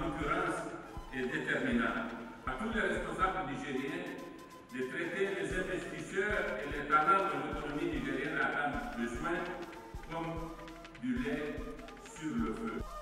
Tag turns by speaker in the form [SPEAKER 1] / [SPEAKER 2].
[SPEAKER 1] concurrence est déterminante. À tous les responsables nigériens de traiter les investisseurs et les talents de l'autonomie nigérienne à le soin comme du lait sur le feu.